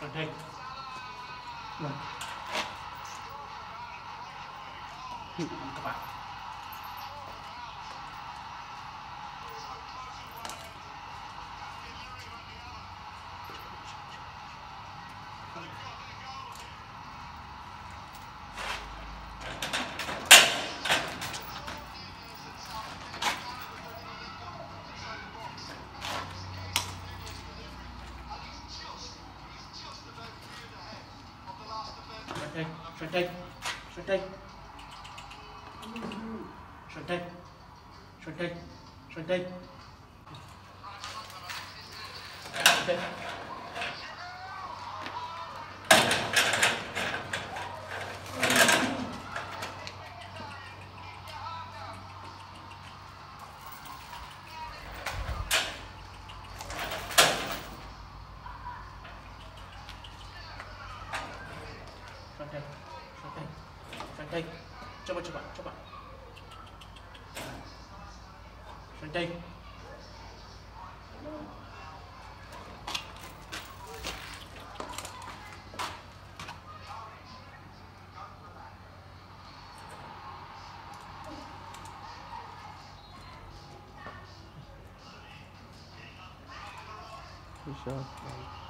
phần hình Vâng. Các bạn 甩腿，甩腿，甩腿，甩腿，甩腿，甩腿。đây sang đây sang cho bạn cho bạn cho bạn sang đây Good job.